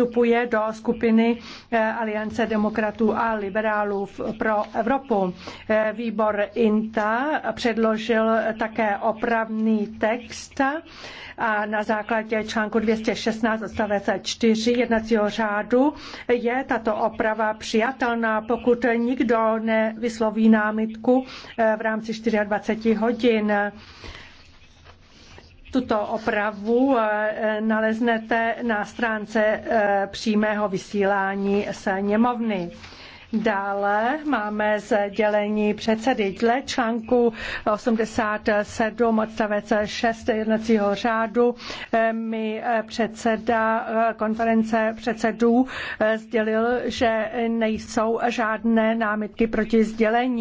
vstupuje do skupiny eh, Aliance demokratů a liberálů pro Evropu. Eh, výbor INTA předložil také opravný text a na základě článku 216 odstavec 4 jednacího řádu je tato oprava přijatelná, pokud nikdo nevysloví námitku eh, v rámci 24 hodin. Tuto opravu eh, naleznete na stránce eh, přímého vysílání sněmovny. Dále máme sdělení předsedy dle článku 87 odstavec 6 jednacího řádu. Eh, mi předseda konference předsedů sdělil, že nejsou žádné námitky proti sdělení.